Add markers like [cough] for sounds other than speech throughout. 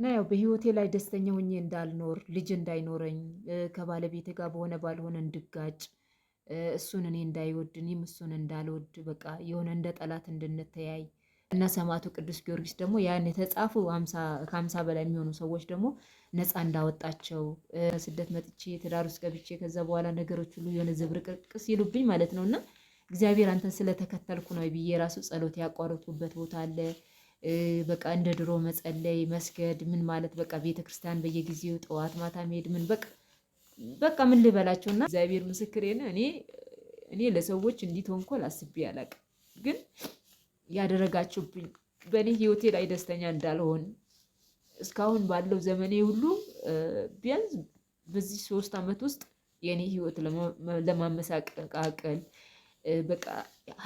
እና ያው በህይወቴ ላይ ደስተኛ ሆኜ እንዳልኖር ልጅ እንዳይኖረኝ ከባለቤቴ ጋር በሆነ ባልሆነ እንድጋጭ እሱን እኔ እንዳይወድ እኔም እሱን እንዳልወድ በቃ የሆነ እንደ ጠላት እንድንተያይ እና ሰማዕቱ ቅዱስ ጊዮርጊስ ደግሞ ያን የተጻፉ ከሀምሳ በላይ የሚሆኑ ሰዎች ደግሞ ነፃ እንዳወጣቸው ስደት መጥቼ ትዳር ውስጥ ገብቼ ከዛ በኋላ ነገሮች ሁሉ የሆነ ዝብርቅርቅ ሲሉብኝ ማለት ነው እና እግዚአብሔር አንተን ስለተከተልኩ ነው ብዬ ራሱ ጸሎት ያቋረጥኩበት ቦታ አለ። በቃ እንደ ድሮ መጸለይ፣ መስገድ ምን ማለት በቃ ቤተክርስቲያን በየጊዜው ጠዋት ማታ መሄድ ምን በቃ ምን ልበላቸው እና እግዚአብሔር ምስክሬን እኔ እኔ ለሰዎች እንዲህ ተንኮል አስቤ አላቅም፣ ግን ያደረጋችሁብኝ በእኔ ህይወቴ ላይ ደስተኛ እንዳልሆን እስካሁን ባለው ዘመኔ ሁሉ ቢያንስ በዚህ ሶስት ዓመት ውስጥ የእኔ ህይወት ለማመሳቀቃቀል በቃ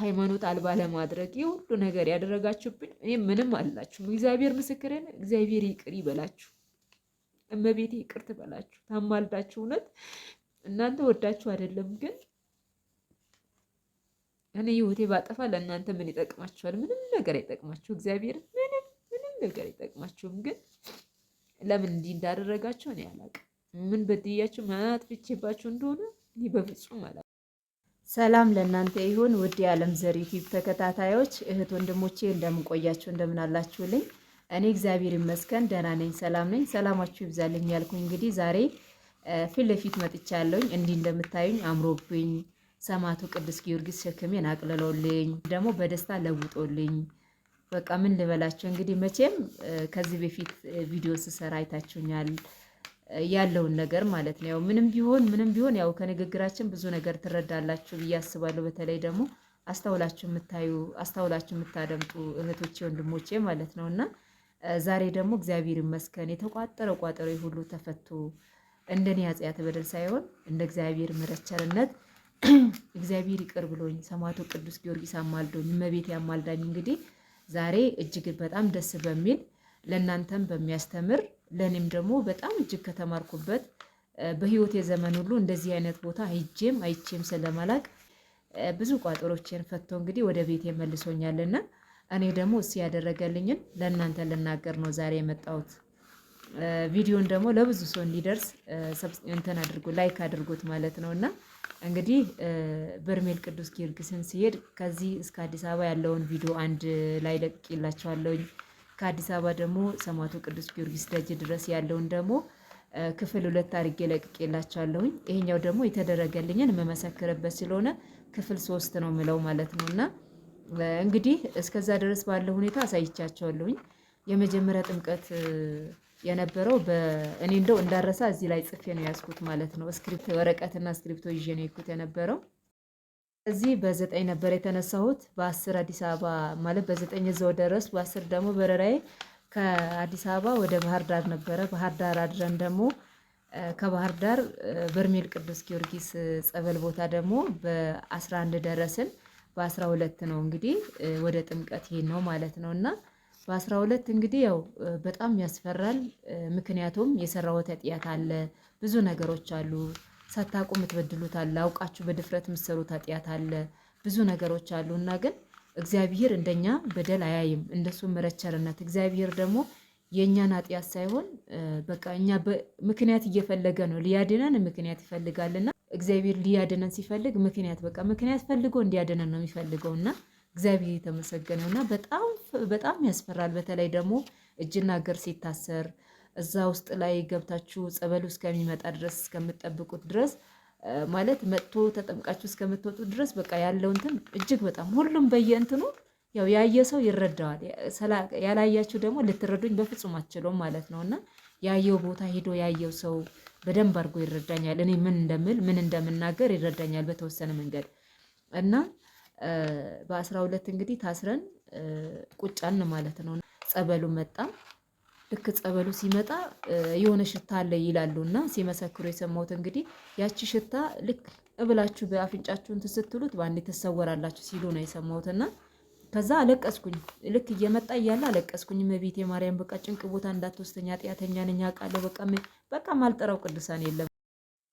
ሃይማኖት አልባ ለማድረግ የሁሉ ነገር ያደረጋችሁብኝ እኔ ምንም አልላችሁም። እግዚአብሔር ምስክርን፣ እግዚአብሔር ይቅር ይበላችሁ፣ እመቤቴ ይቅር ትበላችሁ። ታማልዳችሁ እውነት እናንተ ወዳችሁ አይደለም ግን እኔ ህይወቴ ባጠፋ ለእናንተ ምን ይጠቅማችኋል? ምንም ነገር አይጠቅማችሁ። እግዚአብሔር ምንም ምንም ነገር አይጠቅማችሁም። ግን ለምን እንዲህ እንዳደረጋቸው እኔ አላውቅም። ምን በድያቸው ማጥፍቼባቸው እንደሆነ እኔ በፍጹም አላ ሰላም ለእናንተ ይሁን ውድ የዓለም ዘር ዩቲዩብ ተከታታዮች እህት ወንድሞቼ፣ እንደምንቆያችሁ እንደምናላችሁልኝ፣ እኔ እግዚአብሔር ይመስገን ደህና ነኝ፣ ሰላም ነኝ። ሰላማችሁ ይብዛልኝ ያልኩኝ እንግዲህ ዛሬ ፊት ለፊት መጥቻለሁኝ። እንዲህ እንደምታዩኝ አምሮብኝ ሰማዕቱ ቅዱስ ጊዮርጊስ ሸክሜን አቅልሎልኝ ደግሞ በደስታ ለውጦልኝ በቃ ምን ልበላቸው እንግዲህ መቼም ከዚህ በፊት ቪዲዮ ስሰራ አይታችሁኛል። ያለውን ነገር ማለት ነው። ያው ምንም ቢሆን ምንም ቢሆን ያው ከንግግራችን ብዙ ነገር ትረዳላችሁ ብዬ አስባለሁ። በተለይ ደግሞ አስተውላችሁ የምታዩ አስተውላችሁ የምታደምጡ እህቶቼ ወንድሞቼ ማለት ነው እና ዛሬ ደግሞ እግዚአብሔር ይመስገን የተቋጠረ ቋጠሮ ሁሉ ተፈቶ እንደኔ ኃጢአት በደል ሳይሆን እንደ እግዚአብሔር ምረቸርነት [clears throat] እግዚአብሔር ይቅር ብሎኝ ሰማዕቱ ቅዱስ ጊዮርጊስ አማልዶኝ እመቤቴ ያማልዳኝ እንግዲህ ዛሬ እጅግ በጣም ደስ በሚል ለእናንተም በሚያስተምር ለእኔም ደግሞ በጣም እጅግ ከተማርኩበት በህይወቴ ዘመን ሁሉ እንደዚህ አይነት ቦታ ሄጄም አይቼም ስለማላቅ ብዙ ቋጠሮቼን ፈቶ እንግዲህ ወደ ቤቴ መልሶኛልና እኔ ደግሞ እሱ ያደረገልኝን ለእናንተ ልናገር ነው ዛሬ የመጣሁት። ቪዲዮን ደግሞ ለብዙ ሰው እንዲደርስ እንትን አድርጉ፣ ላይክ አድርጉት ማለት ነው። እና እንግዲህ በርሜል ቅዱስ ጊዮርጊስን ሲሄድ ከዚህ እስከ አዲስ አበባ ያለውን ቪዲዮ አንድ ላይ ለቅቄላችኋለሁኝ። ከአዲስ አበባ ደግሞ ሰማዕቱ ቅዱስ ጊዮርጊስ ደጅ ድረስ ያለውን ደግሞ ክፍል ሁለት አድርጌ ለቅቄላችኋለሁኝ። ይሄኛው ደግሞ የተደረገልኝን የምመሰክርበት ስለሆነ ክፍል ሶስት ነው ምለው ማለት ነው። እና እንግዲህ እስከዛ ድረስ ባለው ሁኔታ አሳይቻቸዋለሁኝ። የመጀመሪያ ጥምቀት የነበረው እኔ እንደው እንዳረሳ እዚህ ላይ ጽፌ ነው ያስኩት ማለት ነው። ስክሪፕት ወረቀትና ስክሪፕቶ ይዤ ነው የኩት የነበረው እዚህ በዘጠኝ ነበር የተነሳሁት። በአስር አዲስ አበባ ማለት በዘጠኝ እዛው ደረስ። በአስር ደግሞ በረራዬ ከአዲስ አበባ ወደ ባህር ዳር ነበረ። ባህር ዳር አድረን ደግሞ ከባህር ዳር በርሜል ቅዱስ ጊዮርጊስ ጸበል ቦታ ደግሞ በ11 ደረስን። በ12 ነው እንግዲህ ወደ ጥምቀት ይሄን ነው ማለት ነው እና በ12 እንግዲህ ያው በጣም ያስፈራል። ምክንያቱም የሰራሁት ኃጢአት አለ፣ ብዙ ነገሮች አሉ ሳታውቁ የምትበድሉት አለ፣ አውቃችሁ በድፍረት የምትሰሩት ኃጢአት አለ፣ ብዙ ነገሮች አሉ እና ግን እግዚአብሔር እንደኛ በደል አያይም። እንደሱ መረቸርነት እግዚአብሔር ደግሞ የእኛን ኃጢአት ሳይሆን በቃ እኛ ምክንያት እየፈለገ ነው ሊያድነን ምክንያት ይፈልጋልና እግዚአብሔር ሊያድነን ሲፈልግ ምክንያት በቃ ምክንያት ፈልጎ እንዲያድነን ነው የሚፈልገውና እግዚአብሔር የተመሰገነውና በጣም በጣም ያስፈራል። በተለይ ደግሞ እጅና እግር ሲታሰር እዛ ውስጥ ላይ ገብታችሁ ጸበሉ እስከሚመጣ ድረስ እስከምጠብቁት ድረስ ማለት መጥቶ ተጠምቃችሁ እስከምትወጡ ድረስ በቃ ያለው እንትን እጅግ በጣም ሁሉም በየእንትኑ ያው ያየ ሰው ይረዳዋል። ያላያችሁ ደግሞ ልትረዱኝ በፍጹም አትችሉም ማለት ነው እና ያየው ቦታ ሄዶ ያየው ሰው በደንብ አድርጎ ይረዳኛል። እኔ ምን እንደምል ምን እንደምናገር ይረዳኛል በተወሰነ መንገድ እና በአስራ ሁለት እንግዲህ ታስረን ቁጫን ማለት ነው። ጸበሉ መጣ። ልክ ጸበሉ ሲመጣ የሆነ ሽታ አለ ይላሉ እና ሲመሰክሩ የሰማሁት እንግዲህ ያቺ ሽታ ልክ እብላችሁ በአፍንጫችሁን ትስትሉት ስትሉት በአንዴ ትሰወራላችሁ ሲሉ ነው የሰማሁት እና ከዛ አለቀስኩኝ። ልክ እየመጣ እያለ አለቀስኩኝ። እመቤቴ ማርያም በቃ ጭንቅ ቦታ እንዳትወስደኝ፣ አጥያተኛ ነኝ አውቃለሁ። በቃ በቃ ማልጠራው ቅዱሳን የለም።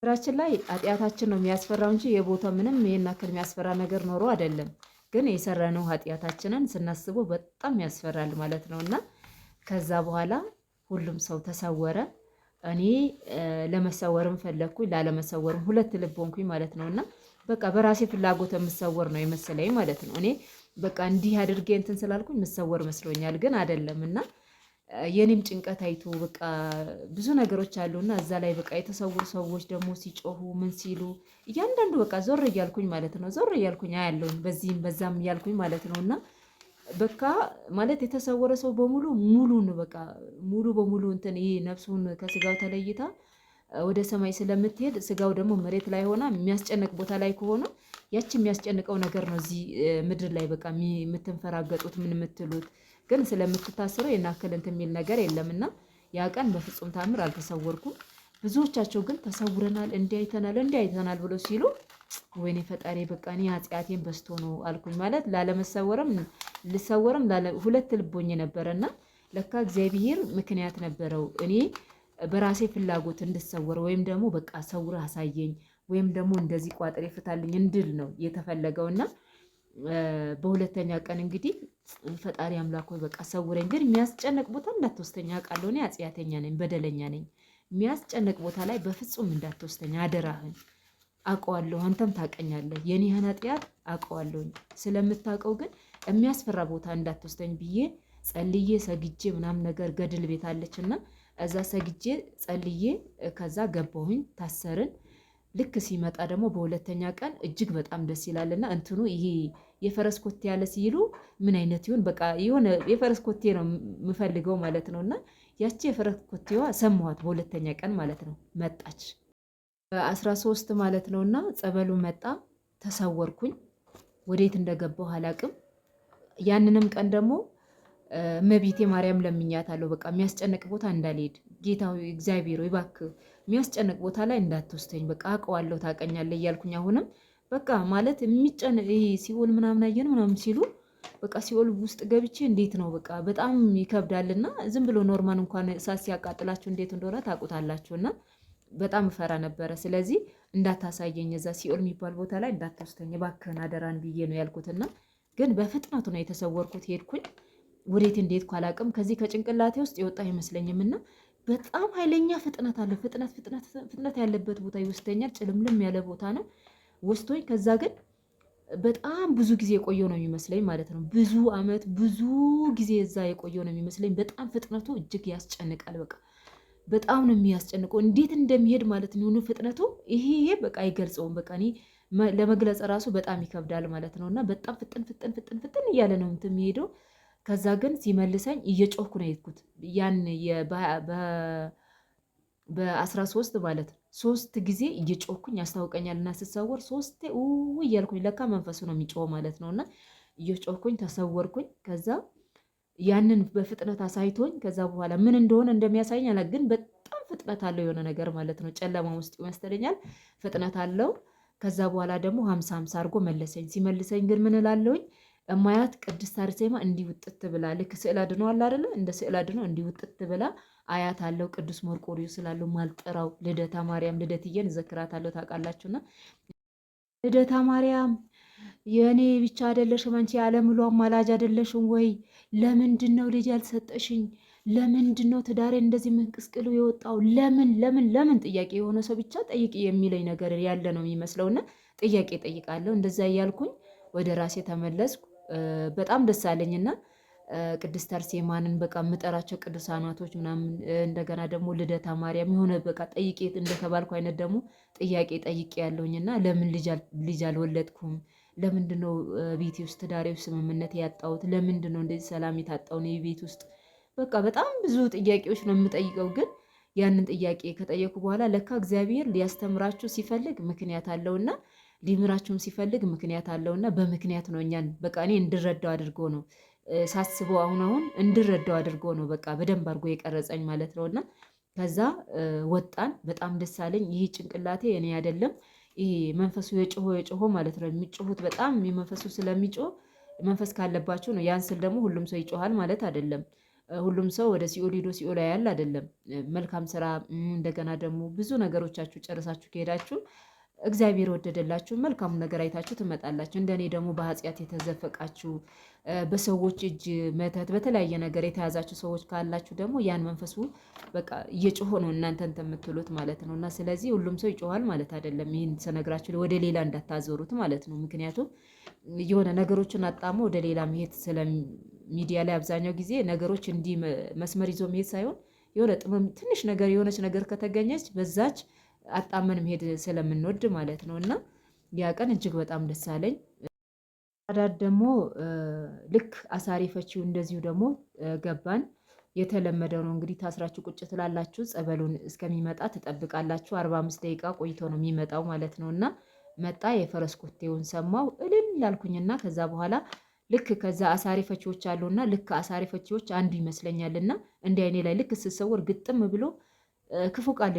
ስራችን ላይ አጥያታችን ነው የሚያስፈራው እንጂ የቦታ ምንም ይህን አክል የሚያስፈራ ነገር ኖሮ አይደለም። ግን የሰራነው አጥያታችንን ስናስበው በጣም ያስፈራል ማለት ነው እና ከዛ በኋላ ሁሉም ሰው ተሰወረ። እኔ ለመሰወርም ፈለግኩኝ ላለመሰወርም ሁለት ልብ ሆንኩኝ ማለት ነው። እና በቃ በራሴ ፍላጎት የምሰወር ነው የመሰለኝ ማለት ነው። እኔ በቃ እንዲህ አድርጌ እንትን ስላልኩኝ የምሰወር መስሎኛል፣ ግን አይደለም። እና የኔም ጭንቀት አይቶ በቃ ብዙ ነገሮች አሉና እዛ ላይ በቃ የተሰወሩ ሰዎች ደግሞ ሲጮሁ ምን ሲሉ እያንዳንዱ በቃ ዞር እያልኩኝ ማለት ነው ዞር እያልኩኝ አያለሁኝ በዚህም በዛም እያልኩኝ ማለት ነው እና በቃ ማለት የተሰወረ ሰው በሙሉ ሙሉን በቃ ሙሉ በሙሉ እንትን ይሄ ነፍሱን ከስጋው ተለይታ ወደ ሰማይ ስለምትሄድ ስጋው ደግሞ መሬት ላይ ሆና የሚያስጨንቅ ቦታ ላይ ከሆኑ ያቺ የሚያስጨንቀው ነገር ነው። እዚህ ምድር ላይ በቃ የምትንፈራገጡት ምን የምትሉት ግን ስለምትታስረው የናክል እንትን የሚል ነገር የለምና ያ ቀን በፍጹም ታምር አልተሰወርኩም። ብዙዎቻቸው ግን ተሰውረናል፣ እንዲህ አይተናል፣ እንዲህ አይተናል ብሎ ሲሉ ወይኔ ፈጣሪ በቃ እኔ ኃጢአቴን በዝቶ ነው አልኩኝ። ማለት ላለመሰወርም ልሰወርም ሁለት ልቦኝ ነበረና ለካ እግዚአብሔር ምክንያት ነበረው። እኔ በራሴ ፍላጎት እንድሰወር ወይም ደግሞ በቃ ሰውር አሳየኝ ወይም ደግሞ እንደዚህ ቋጥር ይፍታልኝ እንድል ነው የተፈለገውና በሁለተኛ ቀን እንግዲህ ፈጣሪ አምላክ ሆይ በቃ ሰውረኝ፣ ግን የሚያስጨነቅ ቦታ እንዳትወስተኛ አውቃለሁ። እኔ ኃጢአተኛ ነኝ፣ በደለኛ ነኝ። የሚያስጨነቅ ቦታ ላይ በፍጹም እንዳትወስተኛ አደራህን አውቀዋለሁ አንተም ታውቀኛለህ፣ የኔህን ኃጢአት አውቀዋለሁኝ። ስለምታውቀው ግን የሚያስፈራ ቦታ እንዳትወስደኝ ብዬ ጸልዬ ሰግጄ ምናምን ነገር ገድል ቤት አለች እና እዛ ሰግጄ ጸልዬ ከዛ ገባሁኝ፣ ታሰርን። ልክ ሲመጣ ደግሞ በሁለተኛ ቀን እጅግ በጣም ደስ ይላልና እንትኑ ይሄ የፈረስ ኮቴ ያለ ሲሉ ምን አይነት ይሁን በቃ የሆነ የፈረስ ኮቴ ነው የምፈልገው ማለት ነው። እና ያቺ የፈረስ ኮቴዋ ሰማኋት በሁለተኛ ቀን ማለት ነው መጣች። አስራ ሶስት ማለት ነው እና ጸበሉ መጣ። ተሰወርኩኝ። ወዴት እንደገባሁ አላቅም። ያንንም ቀን ደግሞ እመቤቴ ማርያም ለምኛታለሁ። በቃ የሚያስጨንቅ ቦታ እንዳልሄድ ጌታ እግዚአብሔር እባክህ የሚያስጨንቅ ቦታ ላይ እንዳትወስደኝ፣ በቃ አውቀዋለሁ፣ ታውቀኛለህ እያልኩኝ አሁንም በቃ ማለት የሚጨን ይሄ ሲኦል ምናምን አየን ምናምን ሲሉ በቃ ሲኦል ውስጥ ገብቼ እንዴት ነው በቃ በጣም ይከብዳልና ዝም ብሎ ኖርማን እንኳን እሳት ሲያቃጥላችሁ እንዴት እንደሆነ ታውቁታላችሁና በጣም እፈራ ነበረ። ስለዚህ እንዳታሳየኝ እዛ ሲኦል የሚባል ቦታ ላይ እንዳትወስደኝ እባክህን አደራን ብዬ ነው ያልኩትና ግን በፍጥነቱ ነው የተሰወርኩት። ሄድኩኝ ወዴት እንዴት ኳላቅም ከዚህ ከጭንቅላቴ ውስጥ የወጣ አይመስለኝም እና በጣም ኃይለኛ ፍጥነት አለ። ፍጥነት ፍጥነት ያለበት ቦታ ይወስደኛል። ጭልምልም ያለ ቦታ ነው ወስቶኝ። ከዛ ግን በጣም ብዙ ጊዜ የቆየው ነው የሚመስለኝ ማለት ነው። ብዙ አመት ብዙ ጊዜ እዛ የቆየው ነው የሚመስለኝ። በጣም ፍጥነቱ እጅግ ያስጨንቃል። በቃ በጣም ነው የሚያስጨንቀው። እንዴት እንደሚሄድ ማለት ነው ፍጥነቱ። ይሄ ይሄ በቃ አይገልጸውም። በቃ እኔ ለመግለጽ ራሱ በጣም ይከብዳል ማለት ነው። እና በጣም ፍጥን ፍጥን ፍጥን ፍጥን እያለ ነው እንትን የሚሄደው። ከዛ ግን ሲመልሰኝ እየጮኩ ነው የሄድኩት። ያን በአስራ ሶስት ማለት ሶስት ጊዜ እየጮኩኝ ያስታውቀኛል። እና ስሰወር ሶስቴ እያልኩኝ ለካ መንፈሱ ነው የሚጮው ማለት ነው። እና እየጮኩኝ ተሰወርኩኝ ከዛ ያንን በፍጥነት አሳይቶኝ ከዛ በኋላ ምን እንደሆነ እንደሚያሳየኝ አላ ግን በጣም ፍጥነት አለው የሆነ ነገር ማለት ነው። ጨለማ ውስጥ ይመስለኛል ፍጥነት አለው። ከዛ በኋላ ደግሞ ሀምሳ ሀምሳ አድርጎ መለሰኝ። ሲመልሰኝ ግን ምን እላለሁኝ እማያት ቅድስት አርሴማ እንዲህ ውጥት ብላ ልክ ስዕል አድኖ አለ አይደለ? እንደ ስዕል አድኖ እንዲህ ውጥት ብላ አያት አለው ቅዱስ መርቆሪዎስ ስላለው ማልጠራው ልደታ ማርያም ልደትዬን እዘክራታለሁ ታውቃላችሁና ልደታ ማርያም የእኔ ብቻ አይደለሽም አንቺ የዓለም ሁሉ አማላጅ አይደለሽም ወይ? ለምንድን ነው ልጅ ያልሰጠሽኝ? ለምንድን ነው ትዳሬ እንደዚህ መንቅስቅሉ የወጣው? ለምን ለምን ለምን? ጥያቄ የሆነ ሰው ብቻ ጠይቅ የሚለኝ ነገር ያለ ነው የሚመስለውና ጥያቄ ጠይቃለሁ። እንደዛ እያልኩኝ ወደ ራሴ ተመለስኩ። በጣም ደስ አለኝና ቅድስት አርሴማንን በቃ የምጠራቸው ቅዱሳናቶች ምናምን እንደገና ደግሞ ልደታ ማርያም የሆነ በቃ ጠይቄ እንደተባልኩ አይነት ደግሞ ጥያቄ ጠይቄ ያለውኝና ለምን ልጅ አልወለድኩም ለምንድን ነው ቤቴ ውስጥ ትዳሬ ውስጥ ስምምነት ያጣሁት? ለምንድን ነው እንደዚህ ሰላም ነው የቤት ውስጥ በቃ በጣም ብዙ ጥያቄዎች ነው የምጠይቀው ግን ያንን ጥያቄ ከጠየኩ በኋላ ለካ እግዚአብሔር ሊያስተምራችሁ ሲፈልግ ምክንያት አለውና ሊምራችሁም ሲፈልግ ምክንያት አለውና በምክንያት ነው እኛን በቃ እኔ እንድረዳው አድርጎ ነው ሳስበው አሁን አሁን እንድረዳው አድርጎ ነው በቃ በደንብ አድርጎ የቀረጸኝ ማለት ነውና ከዛ ወጣን። በጣም ደስ አለኝ። ይህ ጭንቅላቴ እኔ አይደለም መንፈሱ የጮሆ የጮሆ ማለት ነው የሚጮሁት በጣም የመንፈሱ ስለሚጮ መንፈስ ካለባቸው ነው። ያን ስል ደግሞ ሁሉም ሰው ይጮሃል ማለት አይደለም። ሁሉም ሰው ወደ ሲኦል ሄዶ ሲኦል ያል አይደለም። መልካም ስራ እንደገና ደግሞ ብዙ ነገሮቻችሁ ጨርሳችሁ ከሄዳችሁ እግዚአብሔር ወደደላችሁ መልካሙ ነገር አይታችሁ ትመጣላችሁ። እንደኔ ደግሞ በኃጢአት የተዘፈቃችሁ በሰዎች እጅ መተት፣ በተለያየ ነገር የተያዛችሁ ሰዎች ካላችሁ ደግሞ ያን መንፈሱ በቃ እየጮሆ ነው እናንተ እንትን የምትሉት ማለት ነው። እና ስለዚህ ሁሉም ሰው ይጮኋል ማለት አይደለም። ይህን ስነግራችሁ ወደ ሌላ እንዳታዞሩት ማለት ነው። ምክንያቱም የሆነ ነገሮችን አጣሞ ወደ ሌላ መሄድ ስለ ሚዲያ ላይ አብዛኛው ጊዜ ነገሮች እንዲህ መስመር ይዞ መሄድ ሳይሆን የሆነ ጥምም ትንሽ ነገር የሆነች ነገር ከተገኘች በዛች አጣመን መሄድ ስለምንወድ ማለት ነው። እና ያ ቀን እጅግ በጣም ደስ አለኝ። አዳር ደግሞ ልክ አሳሪ ፈቺው እንደዚሁ ደግሞ ገባን። የተለመደው ነው እንግዲህ ታስራችሁ ቁጭ ትላላችሁ፣ ጸበሉን እስከሚመጣ ትጠብቃላችሁ። አርባ አምስት ደቂቃ ቆይቶ ነው የሚመጣው ማለት ነው እና መጣ። የፈረስ ኮቴውን ሰማው እልል ላልኩኝና ከዛ በኋላ ልክ ከዛ አሳሪ ፈቺዎች አሉና ልክ አሳሪ ፈቺዎች አንዱ ይመስለኛልና እንዲህ አይኔ ላይ ልክ ስሰወር ግጥም ብሎ ክፉ ቃል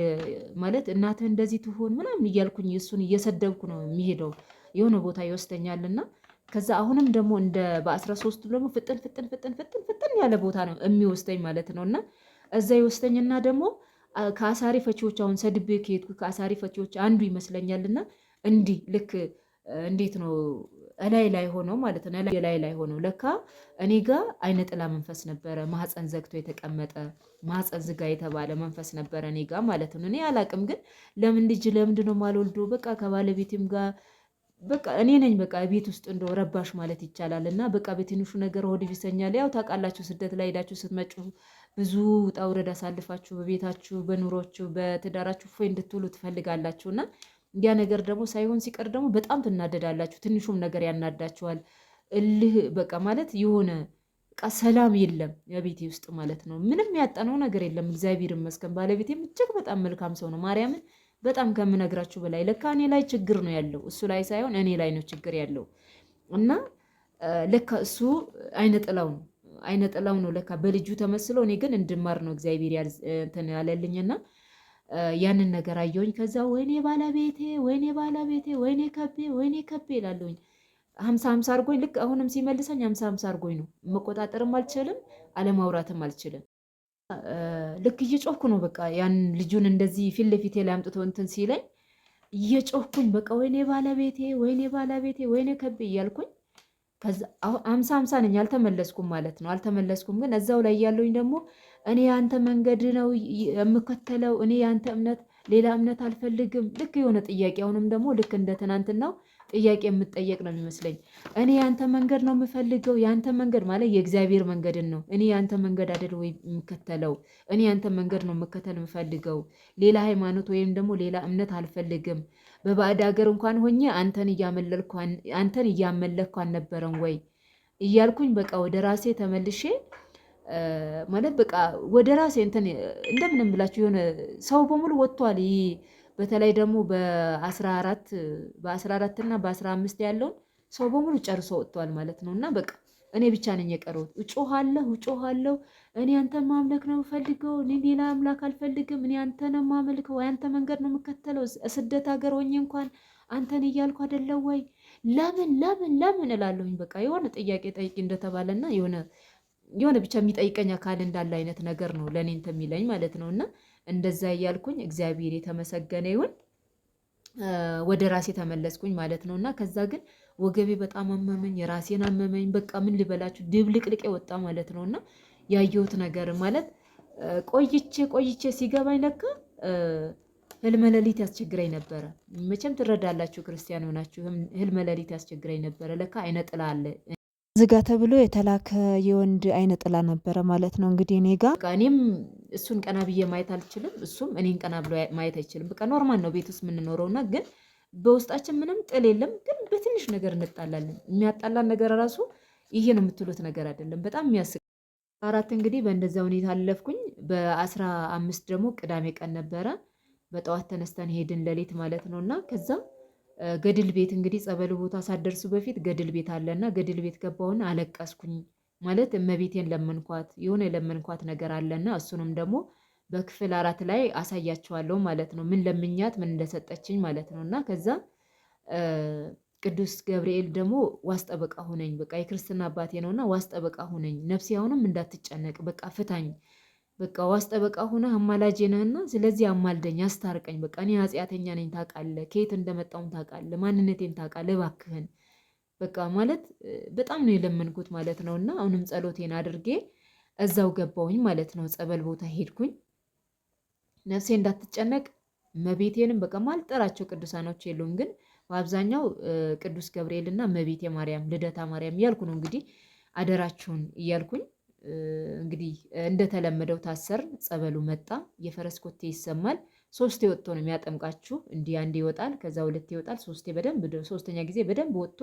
ማለት እናትህ እንደዚህ ትሆን ምናምን እያልኩኝ እሱን እየሰደብኩ ነው የሚሄደው የሆነ ቦታ ይወስደኛልና ከዛ አሁንም ደግሞ እንደ በአስራ ሶስቱ ደግሞ ፍጥን ፍጥን ፍጥን ፍጥን ፍጥን ያለ ቦታ ነው የሚወስደኝ ማለት ነው እና እዛ ይወስደኝና ደግሞ ከአሳሪ ፈቺዎች አሁን ሰድቤ ከሄድኩ ከአሳሪ ፈቺዎች አንዱ እና እንዲህ ልክ እንዴት ነው እላይ ላይ ሆኖ ማለት ነው። ላይ ላይ ሆኖ ለካ እኔ ጋ አይነ ጥላ መንፈስ ነበረ፣ ማህፀን ዘግቶ የተቀመጠ ማህፀን ዝጋ የተባለ መንፈስ ነበረ እኔ ጋ ማለት ነው። እኔ አላቅም፣ ግን ለምን ልጅ ለምንድን ነው ማልወልዶ? በቃ ከባለቤቴም ጋር በቃ እኔ ነኝ በቃ ቤት ውስጥ እንደ ረባሽ ማለት ይቻላል። እና በቃ በትንሹ ነገር ሆድ ይሰኛል። ያው ታውቃላችሁ፣ ስደት ላይ ሄዳችሁ ስትመጩ ብዙ ውጣ ውረድ አሳልፋችሁ በቤታችሁ፣ በኑሮችሁ፣ በትዳራችሁ ፎይ እንድትውሉ ትፈልጋላችሁ እና ያ ነገር ደግሞ ሳይሆን ሲቀር ደግሞ በጣም ትናደዳላችሁ። ትንሹም ነገር ያናዳችኋል። እልህ በቃ ማለት የሆነ በቃ ሰላም የለም የቤቴ ውስጥ ማለት ነው። ምንም ያጣነው ነገር የለም እግዚአብሔር ይመስገን። ባለቤቴም እጅግ በጣም መልካም ሰው ነው። ማርያምን በጣም ከምነግራችሁ በላይ ለካ እኔ ላይ ችግር ነው ያለው፣ እሱ ላይ ሳይሆን እኔ ላይ ነው ችግር ያለው እና ለካ እሱ አይነጥላው ነው አይነጥላው ነው ለካ በልጁ ተመስሎ እኔ ግን እንድማር ነው እግዚአብሔር ያለልኝና ያንን ነገር አየሁኝ። ከዛ ወይኔ ባለቤቴ፣ ወይኔ ባለቤቴ፣ ወይኔ ከቤ፣ ወይኔ ከቤ ይላለሁኝ። ሀምሳ ሀምሳ አድርጎኝ ልክ አሁንም ሲመልሰኝ ሀምሳ ሀምሳ አርጎኝ ነው። መቆጣጠርም አልችልም፣ አለማውራትም አልችልም። ልክ እየጮኩ ነው በቃ ያን ልጁን እንደዚህ ፊት ለፊቴ ላይ አምጥቶ እንትን ሲለኝ እየጮኩኝ በቃ ወይኔ ባለቤቴ፣ ወይኔ ባለቤቴ፣ ወይኔ ከቤ እያልኩኝ ከዛ አምሳ አምሳ ነኝ። አልተመለስኩም ማለት ነው። አልተመለስኩም ግን እዛው ላይ ያለውኝ ደግሞ እኔ ያንተ መንገድ ነው የምከተለው፣ እኔ ያንተ እምነት ሌላ እምነት አልፈልግም። ልክ የሆነ ጥያቄ አሁንም ደግሞ ልክ እንደ ትናንትናው ጥያቄ የምጠየቅ ነው የሚመስለኝ። እኔ ያንተ መንገድ ነው የምፈልገው፣ ያንተ መንገድ ማለት የእግዚአብሔር መንገድን ነው። እኔ ያንተ መንገድ አይደል ወይ የምከተለው? እኔ ያንተ መንገድ ነው የምከተል የምፈልገው፣ ሌላ ሃይማኖት ወይም ደግሞ ሌላ እምነት አልፈልግም። በባዕድ ሀገር እንኳን ሆኜ አንተን እያመለኳን አንተን ነበረን ወይ እያልኩኝ በቃ ወደ ራሴ ተመልሼ ማለት በቃ ወደ ራሴ እንትን እንደምንም ብላችሁ የሆነ ሰው በሙሉ ወጥቷል። ይሄ በተለይ ደግሞ በ14 በ14 እና በ15 ያለውን ሰው በሙሉ ጨርሶ ወጥቷል ማለት ነው። እና በቃ እኔ ብቻ ነኝ የቀረሁት። እጮሃለሁ እጮሃለሁ። እኔ አንተ ማምለክ ነው ፈልገው፣ እኔ ሌላ አምላክ አልፈልግም። እኔ ነው ማመልከው፣ አንተ መንገድ ነው የምከተለው። ስደት ሀገር ሆኜ እንኳን አንተን እያልኩ አይደለ ወይ? ለምን ለምን ለምን እላለሁኝ። በቃ የሆነ ጥያቄ ጠይቂ እንደተባለና የሆነ የሆነ ብቻ የሚጠይቀኝ አካል እንዳለ አይነት ነገር ነው ለእኔ እንትን የሚለኝ ማለት ነው። እና እንደዛ እያልኩኝ እግዚአብሔር የተመሰገነ ይሁን ወደ ራሴ ተመለስኩኝ ማለት ነው። እና ከዛ ግን ወገቤ በጣም አመመኝ፣ የራሴን አመመኝ። በቃ ምን ልበላችሁ ድብልቅልቄ ወጣ ማለት ነው። እና ያየሁት ነገር ማለት ቆይቼ ቆይቼ ሲገባኝ ለካ ህልመ ሌሊት ያስቸግረኝ ነበረ። መቼም ትረዳላችሁ ክርስቲያን ሆናችሁ ህልመ ሌሊት ያስቸግረኝ ነበረ። ለካ አይነ ጥላ አለ ዝጋ ተብሎ የተላከ የወንድ አይነ ጥላ ነበረ ማለት ነው። እንግዲህ እኔ ጋ እኔም እሱን ቀና ብዬ ማየት አልችልም፣ እሱም እኔን ቀና ብሎ ማየት አይችልም። በቃ ኖርማል ነው ቤት ውስጥ የምንኖረውና ግን በውስጣችን ምንም ጥል የለም፣ ግን በትንሽ ነገር እንጣላለን። የሚያጣላን ነገር ራሱ ይሄ ነው የምትሉት ነገር አይደለም። በጣም የሚያስቅ አራት እንግዲህ በእንደዛ ሁኔታ አለፍኩኝ። በአስራ አምስት ደግሞ ቅዳሜ ቀን ነበረ በጠዋት ተነስተን ሄድን ለሌት ማለት ነው እና ከዛ ገድል ቤት እንግዲህ ጸበል ቦታ ሳደርሱ በፊት ገድል ቤት አለና ገድል ቤት ገባሁና አለቀስኩኝ። ማለት እመቤቴን ለመንኳት የሆነ የለመንኳት ነገር አለና እሱንም ደግሞ በክፍል አራት ላይ አሳያቸዋለሁ ማለት ነው። ምን ለምኛት ምን እንደሰጠችኝ ማለት ነው። እና ከዛ ቅዱስ ገብርኤል ደግሞ ዋስጠበቃ ሁነኝ፣ በቃ የክርስትና አባቴ ነውና ዋስጠበቃ ሁነኝ፣ ነፍሴ አሁንም እንዳትጨነቅ፣ በቃ ፍታኝ በቃ ዋስ ጠበቃ ሆነህ አማላጄ ነህና፣ ስለዚህ አማልደኝ፣ አስታርቀኝ። በቃ እኔ ኃጢአተኛ ነኝ ታውቃለህ፣ ከየት እንደመጣሁም ታውቃለህ፣ ማንነቴን ታውቃለህ፣ እባክህን በቃ ማለት በጣም ነው የለመንኩት ማለት ነው። እና አሁንም ጸሎቴን አድርጌ እዛው ገባውኝ ማለት ነው። ጸበል ቦታ ሄድኩኝ። ነፍሴ እንዳትጨነቅ መቤቴንም በቃ ማልጠራቸው ቅዱሳኖች የሉም፣ ግን በአብዛኛው ቅዱስ ገብርኤል እና መቤቴ ማርያም፣ ልደታ ማርያም እያልኩ ነው እንግዲህ አደራችሁን እያልኩኝ እንግዲህ እንደተለመደው ታሰር ጸበሉ መጣ፣ የፈረስ ኮቴ ይሰማል። ሶስቴ ወጥቶ ነው የሚያጠምቃችሁ። እንዲህ አንዴ ይወጣል፣ ከዛ ሁለቴ ይወጣል፣ ሶስቴ በደንብ ሶስተኛ ጊዜ በደንብ ወጥቶ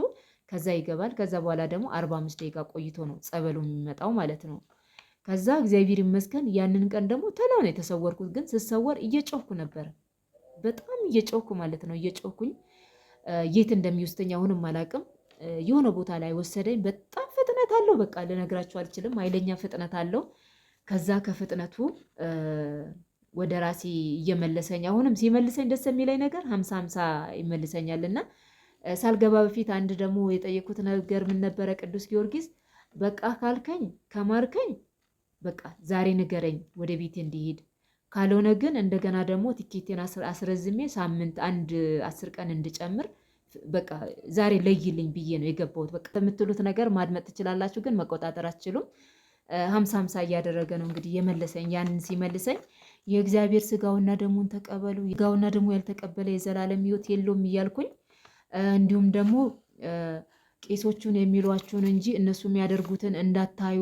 ከዛ ይገባል። ከዛ በኋላ ደግሞ አርባ አምስት ደቂቃ ቆይቶ ነው ጸበሉ የሚመጣው ማለት ነው። ከዛ እግዚአብሔር ይመስገን ያንን ቀን ደግሞ ተለው ነው የተሰወርኩት። ግን ስሰወር እየጮኩ ነበር፣ በጣም እየጮኩ ማለት ነው። እየጮኩኝ የት እንደሚወስደኝ አሁንም አላቅም። የሆነ ቦታ ላይ ወሰደኝ። በጣም ፍጥነት አለው፣ በቃ ልነግራቸው አልችልም። ኃይለኛ ፍጥነት አለው። ከዛ ከፍጥነቱ ወደ ራሴ እየመለሰኝ አሁንም ሲመልሰኝ ደስ የሚለኝ ነገር ሀምሳ ሀምሳ ይመልሰኛል እና ሳልገባ በፊት አንድ ደግሞ የጠየኩት ነገር ምን ነበረ? ቅዱስ ጊዮርጊስ በቃ ካልከኝ ከማርከኝ በቃ ዛሬ ንገረኝ ወደ ቤቴ እንዲሄድ ካልሆነ ግን እንደገና ደግሞ ቲኬቴን አስረዝሜ ሳምንት አንድ አስር ቀን እንድጨምር በቃ ዛሬ ለይልኝ ብዬ ነው የገባሁት። በቃ የምትሉት ነገር ማድመጥ ትችላላችሁ፣ ግን መቆጣጠር አትችሉም። ሀምሳ ሀምሳ እያደረገ ነው እንግዲህ የመለሰኝ። ያንን ሲመልሰኝ የእግዚአብሔር ስጋውና ደሙን ተቀበሉ፣ ስጋውና ደሙ ያልተቀበለ የዘላለም ሕይወት የለውም እያልኩኝ እንዲሁም ደግሞ ቄሶቹን የሚሏችሁን እንጂ እነሱ የሚያደርጉትን እንዳታዩ፣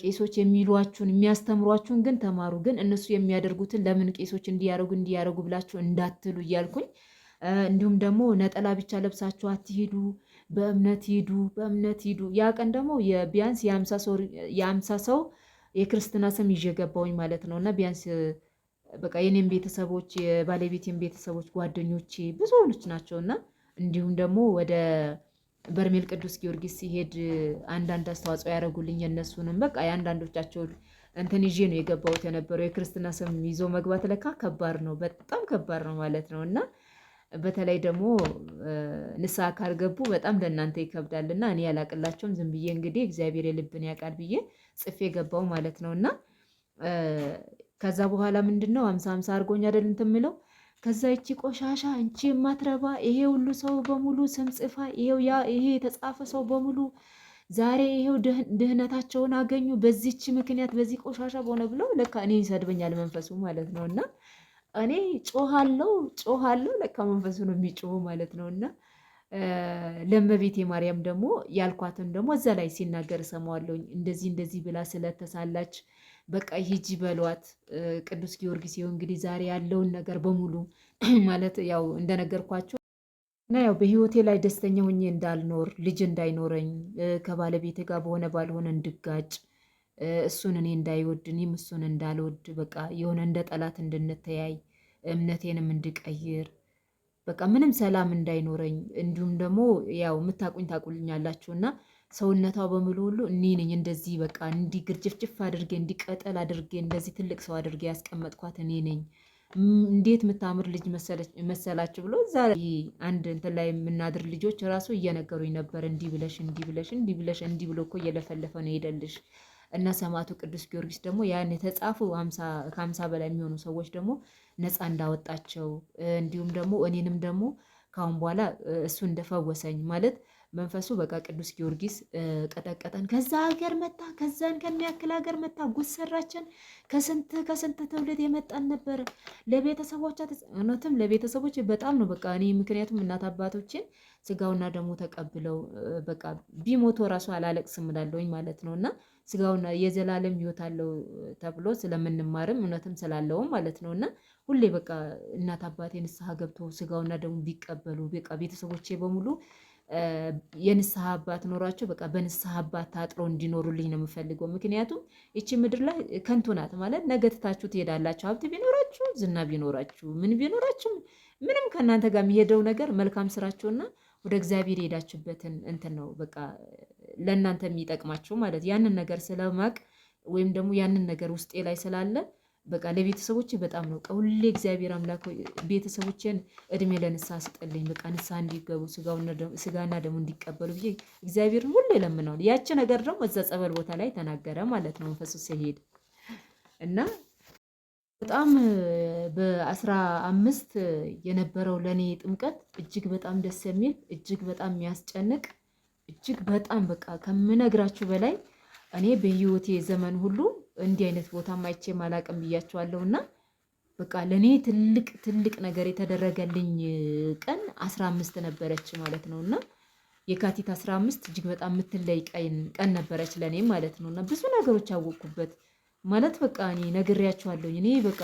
ቄሶች የሚሏችሁን የሚያስተምሯችሁን ግን ተማሩ፣ ግን እነሱ የሚያደርጉትን ለምን ቄሶች እንዲያደርጉ እንዲያደርጉ ብላችሁ እንዳትሉ እያልኩኝ እንዲሁም ደግሞ ነጠላ ብቻ ለብሳችሁ አትሄዱ በእምነት ሂዱ፣ በእምነት ሂዱ። ያ ቀን ደግሞ ቢያንስ የአምሳ ሰው የክርስትና ስም ይዤ ገባሁኝ ማለት ነው እና ቢያንስ በቃ የኔም ቤተሰቦች የባለቤቴም ቤተሰቦች ጓደኞቼ ሆኖች ናቸው እና እንዲሁም ደግሞ ወደ በርሜል ቅዱስ ጊዮርጊስ ሲሄድ አንዳንድ አስተዋጽኦ ያደረጉልኝ የእነሱንም በቃ የአንዳንዶቻቸው እንትን ይዤ ነው የገባሁት የነበረው። የክርስትና ስም ይዞ መግባት ለካ ከባድ ነው፣ በጣም ከባድ ነው ማለት ነው እና በተለይ ደግሞ ንስሐ ካልገቡ በጣም ለእናንተ ይከብዳል እና እኔ ያላቅላቸውም ዝም ብዬ እንግዲህ እግዚአብሔር የልብን ያውቃል ብዬ ጽፌ ገባው ማለት ነው እና ከዛ በኋላ ምንድን ነው አምሳ አምሳ አድርጎኝ አይደል እንትን የምለው ከዛ ይቺ ቆሻሻ እንቺ የማትረባ ይሄ ሁሉ ሰው በሙሉ ስም ጽፋ ይሄው ያ ይሄ የተጻፈ ሰው በሙሉ ዛሬ ይሄው ድህነታቸውን አገኙ በዚች ምክንያት በዚህ ቆሻሻ በሆነ ብለው ለካ እኔ ይሰድበኛል መንፈሱ ማለት ነው እና እኔ ጮሃለው ጮሃለው ለካ መንፈሱ ነው የሚጮኸው ማለት ነው። እና ለእመቤቴ ማርያም ደግሞ ያልኳትን ደግሞ እዛ ላይ ሲናገር እሰማዋለሁኝ። እንደዚህ እንደዚህ ብላ ስለተሳላች በቃ ሂጂ በሏት። ቅዱስ ጊዮርጊስ ይኸው እንግዲህ ዛሬ ያለውን ነገር በሙሉ [clears throat] ማለት ያው እንደነገርኳቸው እና ያው በህይወቴ ላይ ደስተኛ ሆኜ እንዳልኖር ልጅ እንዳይኖረኝ ከባለቤት ጋር በሆነ ባልሆነ እንድጋጭ እሱን እኔ እንዳይወድ እኔም እሱን እንዳልወድ በቃ የሆነ እንደ ጠላት እንድንተያይ እምነቴንም እንድቀይር በቃ ምንም ሰላም እንዳይኖረኝ እንዲሁም ደግሞ ያው የምታቁኝ ታቁልኛላችሁ እና ሰውነቷ በሙሉ ሁሉ እኔ ነኝ እንደዚህ በቃ እንዲህ ግርጭፍጭፍ አድርጌ እንዲቀጠል አድርጌ እንደዚህ ትልቅ ሰው አድርጌ ያስቀመጥኳት እኔ ነኝ። እንዴት የምታምር ልጅ መሰላችሁ ብሎ እዛ አንድ እንትን ላይ የምናድር ልጆች ራሱ እየነገሩኝ ነበር። እንዲህ ብለሽ እንዲህ ብለሽ እንዲህ ብለሽ እንዲህ ብሎ እኮ እየለፈለፈ ነው ሄደልሽ እና ሰማዕቱ ቅዱስ ጊዮርጊስ ደግሞ ያን የተጻፉ ከሀምሳ በላይ የሚሆኑ ሰዎች ደግሞ ነፃ እንዳወጣቸው እንዲሁም ደግሞ እኔንም ደግሞ ካሁን በኋላ እሱ እንደፈወሰኝ ማለት መንፈሱ በቃ ቅዱስ ጊዮርጊስ ቀጠቀጠን። ከዛ ሀገር መጣ፣ ከዛን ከሚያክል ሀገር መጣ፣ ጉድ ሰራችን። ከስንት ከስንት ትውልድ የመጣን ነበር ለቤተሰቦቻ እውነትም ለቤተሰቦች በጣም ነው በቃ እኔ ምክንያቱም እናት አባቶችን ስጋውና ደግሞ ተቀብለው በቃ ቢሞቶ ራሱ አላለቅስም እላለሁኝ ማለት ነው እና ስጋውና የዘላለም ህይወት አለው ተብሎ ስለምንማርም እውነትም ስላለውም ማለት ነው እና ሁሌ በቃ እናት አባቴ ንስሐ ገብቶ ስጋውና ደግሞ ቢቀበሉ በቃ ቤተሰቦቼ በሙሉ የንስሐ አባት ኖሯቸው በቃ በንስሐ አባት ታጥሮ እንዲኖሩልኝ ነው የምፈልገው። ምክንያቱም ይቺ ምድር ላይ ከንቱ ናት ማለት ነገ ትታችሁ ትሄዳላችሁ። ሀብት ቢኖራችሁ፣ ዝና ቢኖራችሁ፣ ምን ቢኖራችሁ ምንም ከእናንተ ጋር የሚሄደው ነገር መልካም ስራችሁና ወደ እግዚአብሔር የሄዳችሁበትን እንትን ነው በቃ ለእናንተ የሚጠቅማችሁ ማለት ያንን ነገር ስለማቅ ወይም ደግሞ ያንን ነገር ውስጤ ላይ ስላለ በቃ ለቤተሰቦች በጣም ነው ሁሌ እግዚአብሔር አምላክ ቤተሰቦችን እድሜ ለንስሐ ስጠልኝ፣ በቃ ንስሐ እንዲገቡ ስጋና ደግሞ እንዲቀበሉ ብዬ እግዚአብሔርን ሁሌ ለምነዋል። ያቺ ነገር ደግሞ እዛ ጸበል ቦታ ላይ ተናገረ ማለት ነው መንፈሱ ሲሄድ እና በጣም በአስራ አምስት የነበረው ለእኔ ጥምቀት እጅግ በጣም ደስ የሚል እጅግ በጣም የሚያስጨንቅ እጅግ በጣም በቃ ከምነግራችሁ በላይ እኔ በህይወቴ ዘመን ሁሉ እንዲህ አይነት ቦታ ማይቼ አላቅም ብያቸዋለሁ። እና በቃ ለእኔ ትልቅ ትልቅ ነገር የተደረገልኝ ቀን አስራ አምስት ነበረች ማለት ነው እና የካቲት አስራ አምስት እጅግ በጣም የምትለይ ቀን ነበረች ለእኔ ማለት ነው እና ብዙ ነገሮች አወቅኩበት ማለት በቃ እኔ ነግሬያቸዋለሁኝ። እኔ በቃ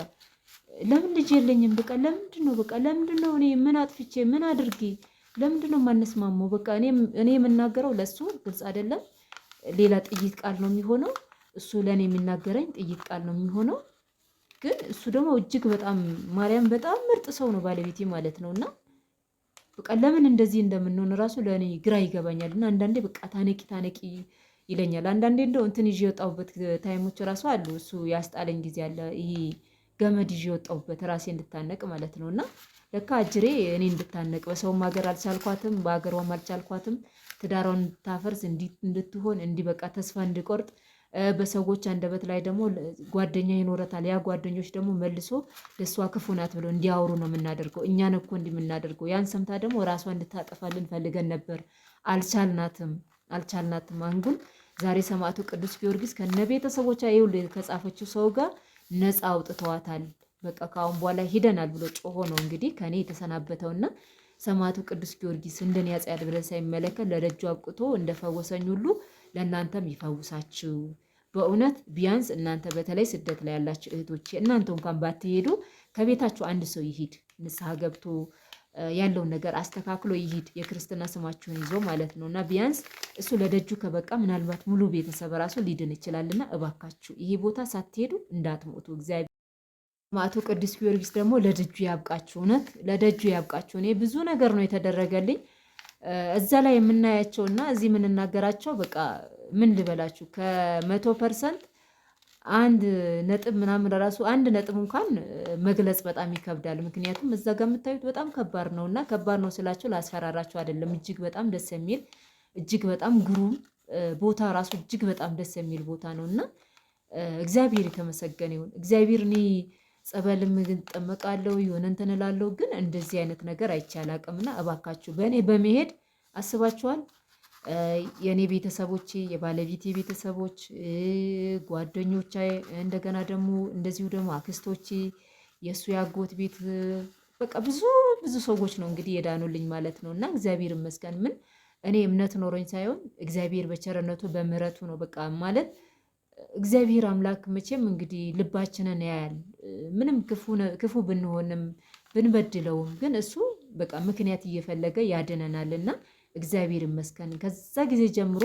ለምን ልጅ የለኝም? በቃ ለምንድን ነው በቃ ለምንድን ነው እኔ ምን አጥፍቼ ምን አድርጌ ለምንድን ነው የማነስማማው? በቃ እኔ የምናገረው ለእሱ ግልጽ አይደለም። ሌላ ጥይት ቃል ነው የሚሆነው። እሱ ለእኔ የሚናገረኝ ጥይት ቃል ነው የሚሆነው። ግን እሱ ደግሞ እጅግ በጣም ማርያም በጣም ምርጥ ሰው ነው ባለቤቴ ማለት ነው እና በቃ ለምን እንደዚህ እንደምንሆን እራሱ ለእኔ ግራ ይገባኛል። እና አንዳንዴ በቃ ታነቂ ታነቂ ይለኛል። አንዳንዴ እንደው እንትን ይዤ የወጣሁበት ታይሞች እራሱ አሉ። እሱ ያስጣለኝ ጊዜ አለ። ይሄ ገመድ ይዤ የወጣሁበት ራሴ እንድታነቅ ማለት ነው እና ለካ አጅሬ እኔ እንድታነቅ በሰውም ሀገር አልቻልኳትም፣ በሀገሯም አልቻልኳትም። ትዳሯን እንድታፈርስ እንድትሆን እንዲህ በቃ ተስፋ እንድቆርጥ በሰዎች አንደበት ላይ ደግሞ ጓደኛ ይኖረታል። ያ ጓደኞች ደግሞ መልሶ ለእሷ ክፉ ናት ብሎ እንዲያወሩ ነው የምናደርገው። እኛን እኮ እንዲህ የምናደርገው። ያን ሰምታ ደግሞ ራሷ እንድታጠፋልን ፈልገን ነበር። አልቻልናትም፣ አልቻልናትም። አንጉን ዛሬ ሰማዕቱ ቅዱስ ጊዮርጊስ ከነ ቤተሰቦቿ ይኸውልህ ከጻፈችው ሰው ጋር ነፃ አውጥተዋታል። በቃ ከአሁን በኋላ ሂደናል ብሎ ጮሆ ነው እንግዲህ ከኔ የተሰናበተውና ሰማዕቱ ቅዱስ ጊዮርጊስ እንደኔ ያጽያል ብለን ሳይመለከት ለደጁ አብቅቶ እንደፈወሰኝ ሁሉ ለእናንተም ይፈውሳችሁ። በእውነት ቢያንስ እናንተ በተለይ ስደት ላይ ያላችሁ እህቶች እናንተ እንኳን ባትሄዱ ከቤታችሁ አንድ ሰው ይሂድ ንስሐ ገብቶ ያለውን ነገር አስተካክሎ ይሂድ የክርስትና ስማችሁን ይዞ ማለት ነው። እና ቢያንስ እሱ ለደጁ ከበቃ ምናልባት ሙሉ ቤተሰብ ራሱ ሊድን ይችላልና እባካችሁ ይሄ ቦታ ሳትሄዱ እንዳትሞቱ እግዚአብሔር ማቶ ቅዱስ ጊዮርጊስ ደግሞ ለደጁ ያብቃችሁ። እውነት ለደጁ ያብቃችሁ። እኔ ብዙ ነገር ነው የተደረገልኝ። እዛ ላይ የምናያቸው እና እዚህ የምንናገራቸው በቃ ምን ልበላችሁ ከመቶ ፐርሰንት አንድ ነጥብ ምናምን ራሱ አንድ ነጥብ እንኳን መግለጽ በጣም ይከብዳል። ምክንያቱም እዛ ጋር የምታዩት በጣም ከባድ ነው እና ከባድ ነው ስላቸው ላስፈራራቸው አይደለም። እጅግ በጣም ደስ የሚል እጅግ በጣም ግሩም ቦታ ራሱ እጅግ በጣም ደስ የሚል ቦታ ነው እና እግዚአብሔር የተመሰገነ ይሁን እግዚአብሔር እኔ ጸበልም እንጠመቃለሁ የሆነ እንትን እላለሁ። ግን እንደዚህ አይነት ነገር አይቻል እባካችሁ በእኔ በመሄድ አስባችኋል። የእኔ ቤተሰቦቼ፣ የባለቤቴ ቤተሰቦች፣ ጓደኞቼ እንደገና ደግሞ እንደዚሁ ደግሞ አክስቶቼ፣ የእሱ ያጎት ቤት በቃ ብዙ ብዙ ሰዎች ነው እንግዲህ የዳኑልኝ ማለት ነው እና እግዚአብሔር ይመስገን ምን እኔ እምነት ኖሮኝ ሳይሆን እግዚአብሔር በቸርነቱ በምሕረቱ ነው በቃ ማለት እግዚአብሔር አምላክ መቼም እንግዲህ ልባችንን ያያል። ምንም ክፉ ብንሆንም ብንበድለውም ግን እሱ በቃ ምክንያት እየፈለገ ያድነናል እና እግዚአብሔር ይመስገን። ከዛ ጊዜ ጀምሮ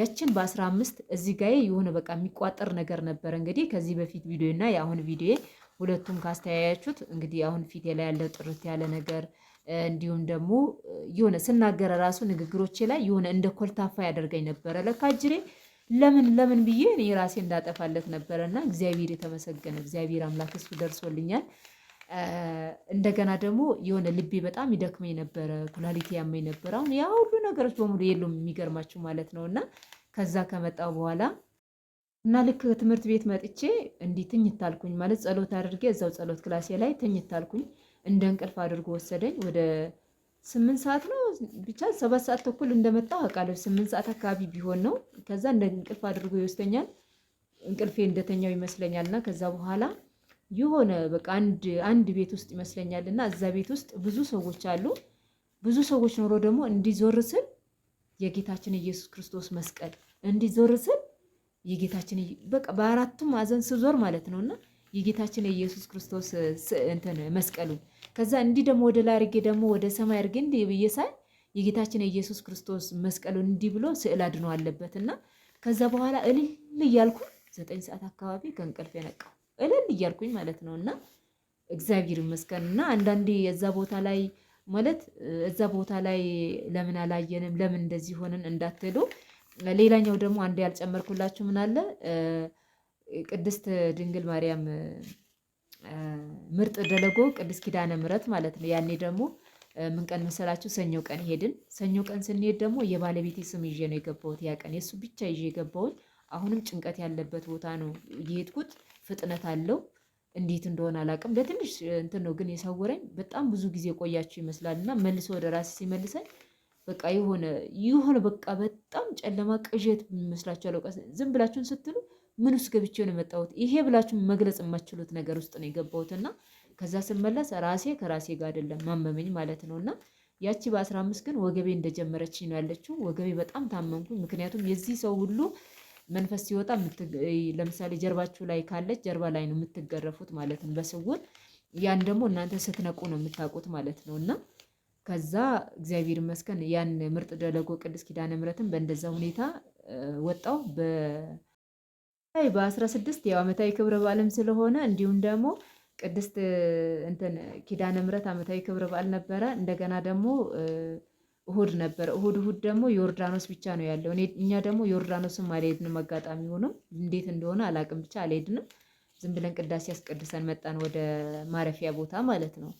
ያችን በ15 እዚህ ጋ የሆነ በቃ የሚቋጠር ነገር ነበር። እንግዲህ ከዚህ በፊት ቪዲዮ እና የአሁን ቪዲዮ ሁለቱም ካስተያያችሁት እንግዲህ አሁን ፊቴ ላይ ያለው ጥርት ያለ ነገር እንዲሁም ደግሞ የሆነ ስናገረ ራሱ ንግግሮቼ ላይ የሆነ እንደ ኮልታፋ ያደርገኝ ነበረ ለካጅሬ ለምን ለምን ብዬ እኔ ራሴ እንዳጠፋለት ነበረ እና እግዚአብሔር የተመሰገነ እግዚአብሔር አምላክ እሱ ደርሶልኛል። እንደገና ደግሞ የሆነ ልቤ በጣም ይደክመኝ ነበረ፣ ኩላሊቴ ያመኝ ነበረ። አሁን ያ ሁሉ ነገሮች በሙሉ የሉም የሚገርማችሁ ማለት ነው እና ከዛ ከመጣው በኋላ እና ልክ ትምህርት ቤት መጥቼ እንዲህ ትኝታልኩኝ ማለት ጸሎት አድርጌ እዛው ጸሎት ክላሴ ላይ ትኝታልኩኝ እንደ እንቅልፍ አድርጎ ወሰደኝ ወደ ስምንት ሰዓት ነው ብቻ ሰባት ሰዓት ተኩል እንደመጣ አውቃለሁ። ስምንት ሰዓት አካባቢ ቢሆን ነው። ከዛ እንደ እንቅልፍ አድርጎ ይወስደኛል። እንቅልፌ እንደተኛው ይመስለኛል እና ከዛ በኋላ የሆነ በቃ አንድ አንድ ቤት ውስጥ ይመስለኛል እና እዛ ቤት ውስጥ ብዙ ሰዎች አሉ። ብዙ ሰዎች ኖሮ ደግሞ እንዲዞር ስል የጌታችን ኢየሱስ ክርስቶስ መስቀል እንዲዞር ስል የጌታችን በቃ በአራቱም ማዕዘን ስዞር ማለት ነውና የጌታችን የኢየሱስ ክርስቶስ እንትን መስቀሉ ከዛ እንዲህ ደግሞ ወደ ላይ አድርጌ ደግሞ ወደ ሰማይ አድርጌ እንዲህ ብዬ ሳይ የጌታችን የኢየሱስ ክርስቶስ መስቀሉን እንዲህ ብሎ ስዕል አድኖ አለበት እና ከዛ በኋላ እልል እያልኩ ዘጠኝ ሰዓት አካባቢ ከእንቅልፍ የነቃው እልል እያልኩኝ ማለት ነው። እና እግዚአብሔር ይመስገን እና አንዳንዴ የዛ ቦታ ላይ ማለት እዛ ቦታ ላይ ለምን አላየንም ለምን እንደዚህ ሆንን እንዳትሉ። ሌላኛው ደግሞ አንድ ያልጨመርኩላችሁ ምን አለ ቅድስት ድንግል ማርያም ምርጥ ደለጎ ቅድስት ኪዳነ ምሕረት ማለት ነው። ያኔ ደግሞ ምን ቀን መሰላችሁ? ሰኞ ቀን ሄድን። ሰኞ ቀን ስንሄድ ደግሞ የባለቤቴ ስም ይዤ ነው የገባሁት። ያ ቀን የእሱ ብቻ ይዤ የገባሁት። አሁንም ጭንቀት ያለበት ቦታ ነው የሄድኩት። ፍጥነት አለው እንዴት እንደሆነ አላውቅም። ለትንሽ እንትን ነው ግን የሰወረኝ። በጣም ብዙ ጊዜ ቆያችሁ ይመስላል እና መልሶ ወደ ራሴ ሲመልሰኝ በቃ የሆነ የሆነ በቃ በጣም ጨለማ ቅዠት ይመስላችኋል። ዝም ብላችሁን ስትሉ ምን ውስጥ ገብቼ ነው የመጣሁት? ይሄ ብላችሁ መግለጽ የማችሉት ነገር ውስጥ ነው የገባሁትና ከዛ ስመለስ ራሴ ከራሴ ጋር አይደለም ማመመኝ ማለት ነው። እና ያቺ በ15 ግን ወገቤ እንደጀመረች ነው ያለችው። ወገቤ በጣም ታመንኩ ምክንያቱም የዚህ ሰው ሁሉ መንፈስ ሲወጣ ለምሳሌ ጀርባችሁ ላይ ካለች ጀርባ ላይ ነው የምትገረፉት ማለት ነው በስውር ያን ደግሞ እናንተ ስትነቁ ነው የምታውቁት ማለት ነው። እና ከዛ እግዚአብሔር ይመስገን ያን ምርጥ ደለጎ ቅድስት ኪዳነ ምሕረትን በእንደዛ ሁኔታ ወጣው። በ16 ያው ዓመታዊ ክብረ በዓልም ስለሆነ እንዲሁም ደግሞ ቅድስት እንትን ኪዳነ ምሕረት ዓመታዊ ክብረ በዓል ነበረ። እንደገና ደግሞ እሁድ ነበረ። እሁድ እሁድ ደግሞ ዮርዳኖስ ብቻ ነው ያለው። እኛ ደግሞ ዮርዳኖስም አልሄድንም። አጋጣሚ ሆኖም እንዴት እንደሆነ አላቅም፣ ብቻ አልሄድንም። ዝም ብለን ቅዳሴ ያስቀድሰን መጣን ወደ ማረፊያ ቦታ ማለት ነው።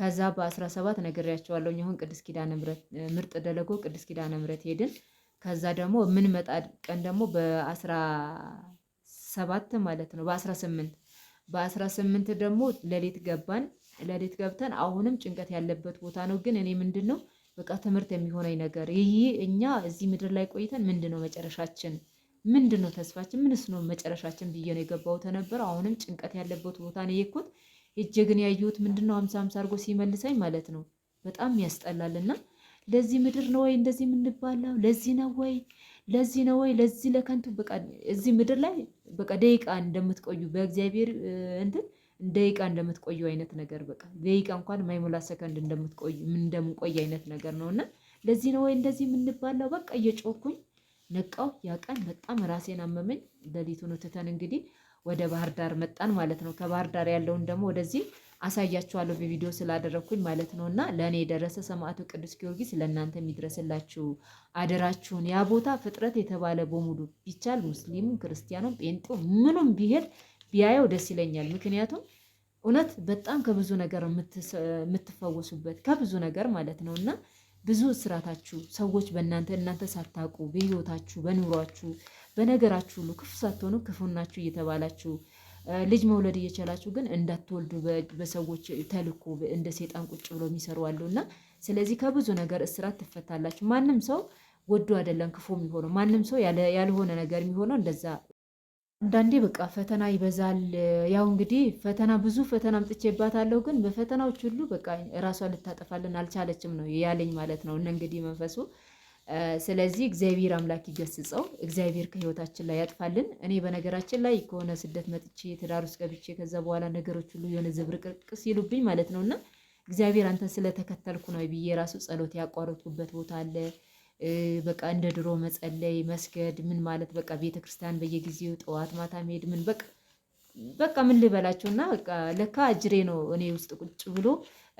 ከዛ በ17 ነግሬያቸዋለሁ። አሁን ቅድስት ኪዳነ ምሕረት ምርጥ ደለጎ ቅድስት ኪዳነ ምሕረት ሄድን። ከዛ ደግሞ ምን መጣ ቀን ደግሞ በአስራ ሰባት ማለት ነው በአስራ ስምንት በአስራ ስምንት ደግሞ ሌሊት ገባን። ሌሊት ገብተን አሁንም ጭንቀት ያለበት ቦታ ነው። ግን እኔ ምንድን ነው በቃ ትምህርት የሚሆነኝ ነገር ይህ እኛ እዚህ ምድር ላይ ቆይተን ምንድን ነው መጨረሻችን ምንድን ነው ተስፋችን ምንስ ነው መጨረሻችን ብዬ ነው የገባው ተነበረ። አሁንም ጭንቀት ያለበት ቦታ ነው የኩት እጅ ግን ያየሁት ምንድን ነው ሀምሳ ሀምሳ አድርጎ ሲመልሰኝ ማለት ነው በጣም ያስጠላልና ለዚህ ምድር ነው ወይ እንደዚህ የምንባለው? ለዚህ ነው ወይ ለዚህ ነው ወይ ለዚህ ለከንቱ በቃ እዚህ ምድር ላይ በቃ ደቂቃ እንደምትቆዩ በእግዚአብሔር እንትን ደቂቃ እንደምትቆዩ አይነት ነገር በቃ ደቂቃ እንኳን ማይሞላ ሰከንድ እንደምትቆዩ እንደምንቆይ አይነት ነገር ነው። እና ለዚህ ነው ወይ እንደዚህ የምንባለው? በቃ እየጮኩኝ ነቃው። ያ ቀን በጣም ራሴን አመመኝ። ሌሊቱን ትተን እንግዲህ ወደ ባህር ዳር መጣን ማለት ነው። ከባህር ዳር ያለውን ደግሞ ወደዚህ አሳያችኋለሁ በቪዲዮ ስላደረግኩኝ ማለት ነው። እና ለእኔ የደረሰ ሰማዕቱ ቅዱስ ጊዮርጊስ ለእናንተ የሚድረስላችሁ አደራችሁን። ያ ቦታ ፍጥረት የተባለ በሙሉ ቢቻል ሙስሊሙ፣ ክርስቲያኑ ጴንጤው ምኑም ቢሄድ ቢያየው ደስ ይለኛል። ምክንያቱም እውነት በጣም ከብዙ ነገር የምትፈወሱበት ከብዙ ነገር ማለት ነው እና ብዙ እስራታችሁ ሰዎች በእናንተ እናንተ ሳታውቁ በህይወታችሁ፣ በኑሯችሁ በነገራችሁ ሁሉ ክፉ ሳትሆኑ ክፉናችሁ እየተባላችሁ ልጅ መውለድ እየቻላችሁ ግን እንዳትወልዱ በሰዎች ተልኮ እንደ ሴጣን ቁጭ ብሎ የሚሰሩ አሉና፣ ስለዚህ ከብዙ ነገር እስራት ትፈታላችሁ። ማንም ሰው ወዶ አይደለም ክፉ የሚሆነው። ማንም ሰው ያልሆነ ነገር የሚሆነው እንደዛ። አንዳንዴ በቃ ፈተና ይበዛል። ያው እንግዲህ ፈተና ብዙ ፈተና አምጥቼባታለሁ፣ ግን በፈተናዎች ሁሉ በቃ ራሷን ልታጠፋልን አልቻለችም ነው ያለኝ ማለት ነው። እነ እንግዲህ መንፈሱ ስለዚህ እግዚአብሔር አምላክ ይገስጸው። እግዚአብሔር ከህይወታችን ላይ ያጥፋልን። እኔ በነገራችን ላይ ከሆነ ስደት መጥቼ ትዳር ውስጥ ገብቼ ከዛ በኋላ ነገሮች ሁሉ የሆነ ዝብርቅርቅ ሲሉብኝ ማለት ነው እና እግዚአብሔር አንተን ስለተከተልኩ ነው ብዬ ራሱ ጸሎት ያቋረጥኩበት ቦታ አለ። በቃ እንደ ድሮ መጸለይ መስገድ ምን ማለት በቃ ቤተክርስቲያን በየጊዜው ጠዋት ማታ መሄድ ምን በቃ በቃ ምን ልበላቸው እና ለካ እጅሬ ነው እኔ ውስጥ ቁጭ ብሎ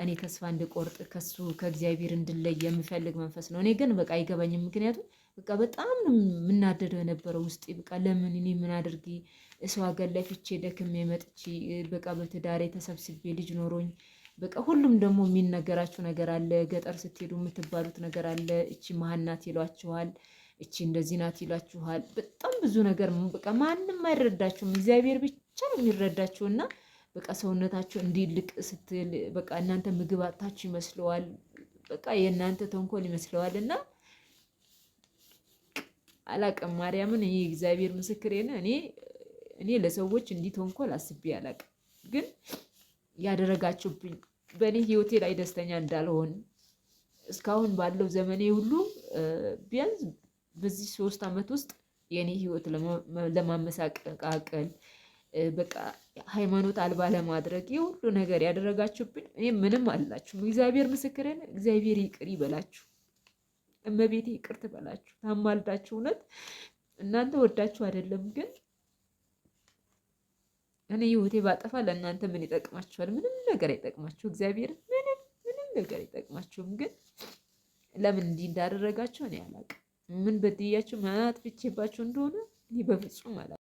እኔ ተስፋ እንድቆርጥ ከሱ ከእግዚአብሔር እንድለይ የምፈልግ መንፈስ ነው። እኔ ግን በቃ አይገባኝም። ምክንያቱም በቃ በጣም የምናደደው የነበረው ውስጤ በቃ ለምን እኔ ምን አድርጌ ሀገር ላይ ፍቼ ደክሜ መጥቼ በቃ በትዳሬ ተሰብስቤ ልጅ ኖሮኝ በቃ ሁሉም ደግሞ የሚነገራችሁ ነገር አለ። ገጠር ስትሄዱ የምትባሉት ነገር አለ። እቺ መሀናት ይሏችኋል። እቺ እንደዚህ ናት ይላችኋል። በጣም ብዙ ነገር በቃ ማንም አይረዳችሁም፣ እግዚአብሔር ብቻ ነው የሚረዳችሁና በቃ ሰውነታችሁ እንዲልቅ ስትል በቃ እናንተ ምግብ አጥታችሁ ይመስለዋል። በቃ የእናንተ ተንኮል ይመስለዋል እና አላቅም ማርያምን፣ እኔ እግዚአብሔር ምስክሬ ነው። እኔ እኔ ለሰዎች እንዲህ ተንኮል አስቤ አላቅም፣ ግን ያደረጋችሁብኝ በእኔ ህይወቴ ላይ ደስተኛ እንዳልሆን እስካሁን ባለው ዘመኔ ሁሉ ቢያንስ በዚህ ሶስት አመት ውስጥ የኔ ህይወት ለማመሳቀቃቀል በቃ ሃይማኖት አልባ ለማድረግ የሁሉ ነገር ያደረጋችሁብኝ እኔ ምንም አላችሁም። እግዚአብሔር ምስክርን፣ እግዚአብሔር ይቅር ይበላችሁ፣ እመቤቴ ይቅር ትበላችሁ። ታማልዳችሁ እውነት እናንተ ወዳችሁ አይደለም ግን እኔ ህይወቴ ባጠፋ ለእናንተ ምን ይጠቅማችኋል? ምንም ነገር አይጠቅማችሁ። እግዚአብሔር ምንም ምንም ነገር አይጠቅማችሁም። ግን ለምን እንዲህ እንዳደረጋችሁ እኔ አላውቅም። ምን በድያችሁ ማጥፍቼባችሁ እንደሆነ እኔ በፍጹም አላ